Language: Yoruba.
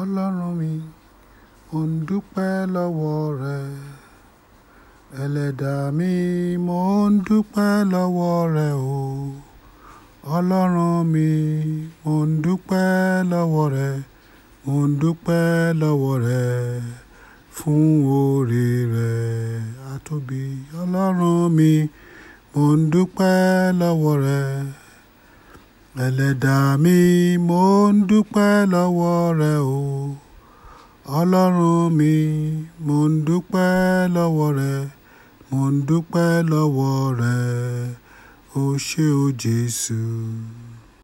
Ọlọ́run mi, mo ń dúpẹ́ lọ́wọ́ rẹ. Ẹlẹ́dàá mi, mo ń dúpẹ́ lọ́wọ́ rẹ o. Ọlọ́run mi, mo ń dúpẹ́ lọ́wọ́ rẹ. Mo ń dúpẹ́ lọ́wọ́ rẹ fún oore rẹ àtóbi. Ọlọ́run mi, mo ń dúpẹ́ lọ́wọ́ rẹ ẹlẹ́dàá mi mo ń dúpẹ́ lọ́wọ́ rẹ o ọlọ́run mi mo ń dúpẹ́ lọ́wọ́ rẹ mo ń dúpẹ́ lọ́wọ́ rẹ o ṣé o jésù.